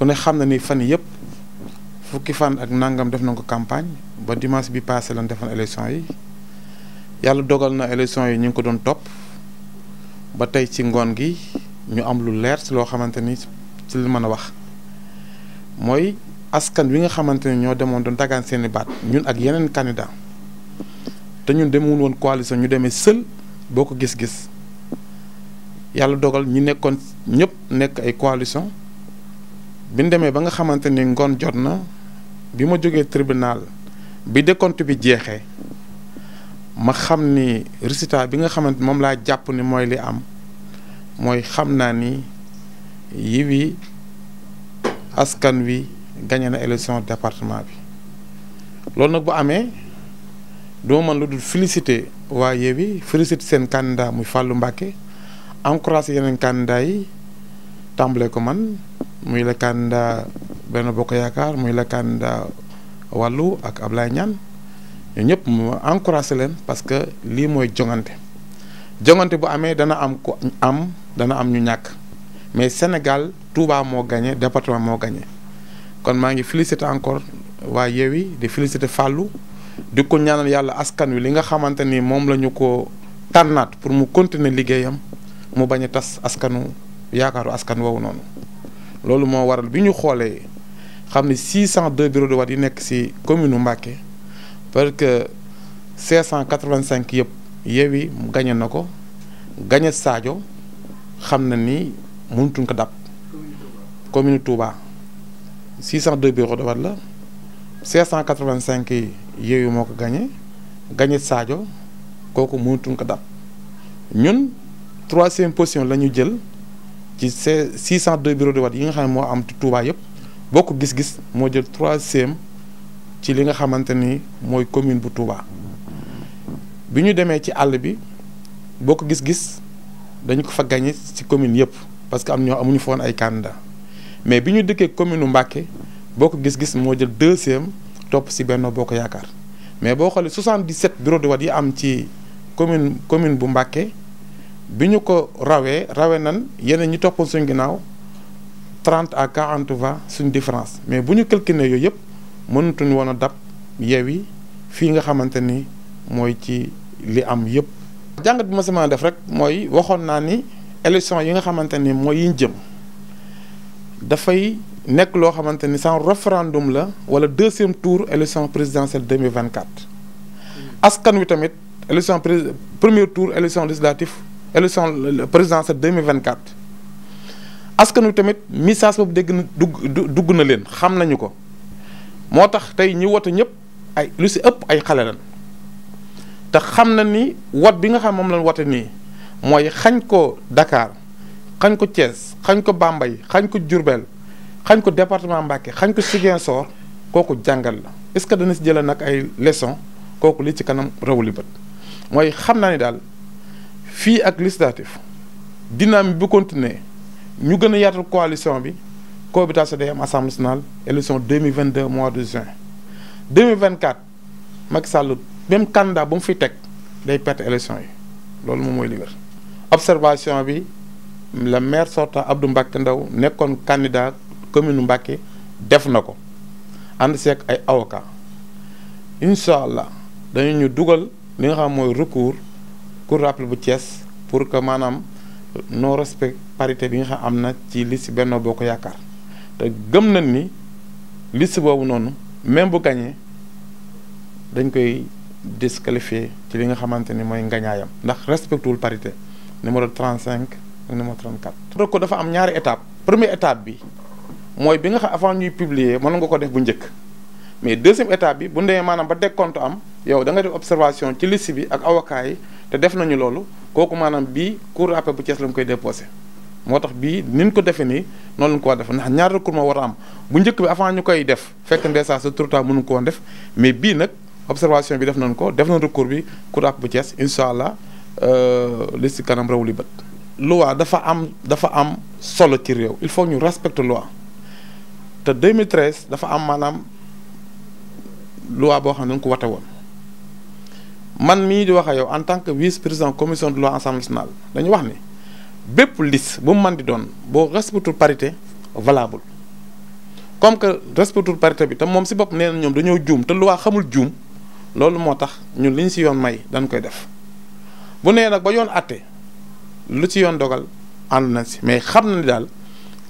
ku ne xam na ni fan yëpp fukki fan ak nangam def nañ ko campagne ba dimanche bi passé lan defoon élection yi yàlla dogal na élection yi ñu ngi ko doon topp ba tey ci ngoon gi ñu am lu leer ci loo xamante ni ci li mën a wax mooy askan wi nga xamante ne ñoo demoon doon dagaan seeni baat ñun ak yeneen candidat te ñun demul woon coalition ñu demee seul boo ko gis-gis yàlla dogal ñi nekkoon ñëpp nekk ay coalition bi ñu demee ba nga xamante ni ngoon jot na bi ma jógee tribunal bi décompte bi jeexee ma xam ni résultat bi nga xamante moom laa jàpp ni mooy li am mooy xam naa ni yi Yewwi Askan Wi gagné na élection département bi loolu nag bu amee duma mën lu dul félicité waa Yewwi félicité seen candidat muy Fallou Mbacké encouragé yeneen candidat yi tàmbale ko man muy le benn Benno Bokk Yaakaar muy le candidat wàllu ak Ablaye Niane ñoo ñëpp mu encouragé leen parce que lii mooy jongante jongante bu amee dana am ku am dana am ñu ñàkk mais Sénégal Touba moo gagné département moo gagné kon maa ngi félicité encore waa Yewwi di félicité fàllu di ko ñaanal yàlla askan wi li nga xamante ni moom la ñu ko tànnaat pour mu continuer liggéeyam mu bañ a tas askanu yaakaaru askan woowu noonu. loolu moo waral bi ñu xoolee xam ne 602 bureaux de vote yi nekk ci commune Mbacké parce que cent 585 yëpp Yewwi gañe na ko gañe saajo xam na ni mënutuñ ko dàpp commune Touba 602 bureaux de vote la 585 yi Yewwi moo ko gañe gañe Sadio kooku mënutuñ ko dàpp ñun troisième position la ñu jël ci ces 602 bureaux de vote yi nga xam ne moo am Touba boo ko gis-gis moo jël troisième ci li nga xamante ni mooy commune bu Touba bi ñu demee ci àll bi boo ko gis-gis dañu ko fa gagné ci commune yëpp parce que am ñoo amuñu foon ay candidat mais bi ñu dëkkee commune boo ko gis-gis moo jël deuxième topp si benn Benno Bokk Yaakaar mais boo xoolee 77 bureaux de vote yi am ci commune commune bu Mbacké bi ñu ko rawee rawee nan yeneen ñi toppoon suñ ginnaaw trente à quarante vingt suñ différence mais bu ñu calculé yooyu yëpp mënatuñ woon a dab Yewwi fii nga xamante ni mooy ci li am yëpp. jàngat bi ma sama def rek mooy waxoon naa ni élection yi nga xamante ni mooy yiñ jëm dafay nekk loo xamante ni sans référendum la wala deuxième tour élection présidentielle 2024 askan wi tamit élection pré premier tour élection législative. élection présidentielle 2024 askan wi tamit message boobu dégg na dugg dugg na leen xam nañu ko moo tax tey ñi wote ñëpp ay lu si ëpp ay xale lan te xam na ni wat bi nga xam moom lañ wote nii mooy xañ ko dakaar xañ ko Thiès xañ ko Bambey xañ ko Diourbel xañ ko département Mbacké xañ ko Ziguinchor kooku jàngal la est-ce que dana si jëlee nag ay leçon kooku li ci kanam rawuli bët mooy xam naa ni daal fii ak dina dynamique bu continuer ñu gën a yaatal coalition bi cohabitation day am assemblée nationale élection deux mille vingt deux mois de juin deux mille vingt quatre Macky Sall même candidat bu mu fi teg day perte élection yi loolu moom mooy li wér observation bi le maire sorta Abdou Mbacké Ndaw nekkoon candidat commune Mbacké def na ko ànd seeg ay avocat incha allah dañu ñu dugal li nga xam mooy recours. cour d'appel bu cees pour que maanaam non respect parité bi nga xam am na ci liste Benno Bokk Yaakaar te gëm na ni liste boobu noonu même bu gañee dañ koy disqualifié ci li nga xamante ni mooy ngañaayam ndax respectuwul parité numéro 35 ak numéro 34. donc dafa am ñaari étape première étape bi mooy bi nga xam avant ñuy publier mën nga ko def bu njëkk mais deuxième étape bi bu ndee maanaam ba décompte am yow da nga def observation ci liste bi ak avocat te def nañu loolu kooku maanaam bii cour d'appel bu Thiès lañ koy déposé moo tax bii niñ ko defee nii noonu lañ ko war def ndax ñaar recours ma war a am bu njëkk bi avant ñu koy def fekk ndeesaa sa tout temps mënu ko def mais bii nag observation bi def nañ ko def nañ recours bi cour d'appel bu Thiès incha allah euh, li si kanam rawu li bët. loi dafa am dafa am solo ci réew il faut ñu respecter loi te 2013 dafa am maanaam loi boo xam ne dañ ko wate woon. man mii di wax ak yow en tant que vice président commission de loi assemblée nationale dañu wax ni bépp liste bu mu mën di doon boo respectul parité valable comme que respectul parité bi te moom si bopp nee na ñoom dañoo juum te loi xamul juum loolu moo tax ñun li ñu si yoon may dañ koy def bu nee nag ba yoon àtte lu ci yoon dogal ànd nañ si mais xam na ni daal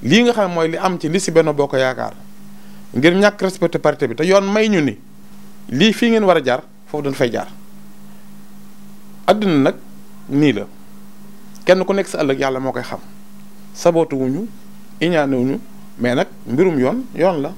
lii nga xam mooy li am ci li si benn boo ko yaakaar ngir ñàkk respecté parité bi te yoon may ñu ni lii fii ngeen war a jaar foofu dañ fay jaar. àddina nag nii la kenn ku nekk sa ëllëg yàlla moo koy xam sabootuwuñu iñaanewuñu mais nag mbirum yoon yoon la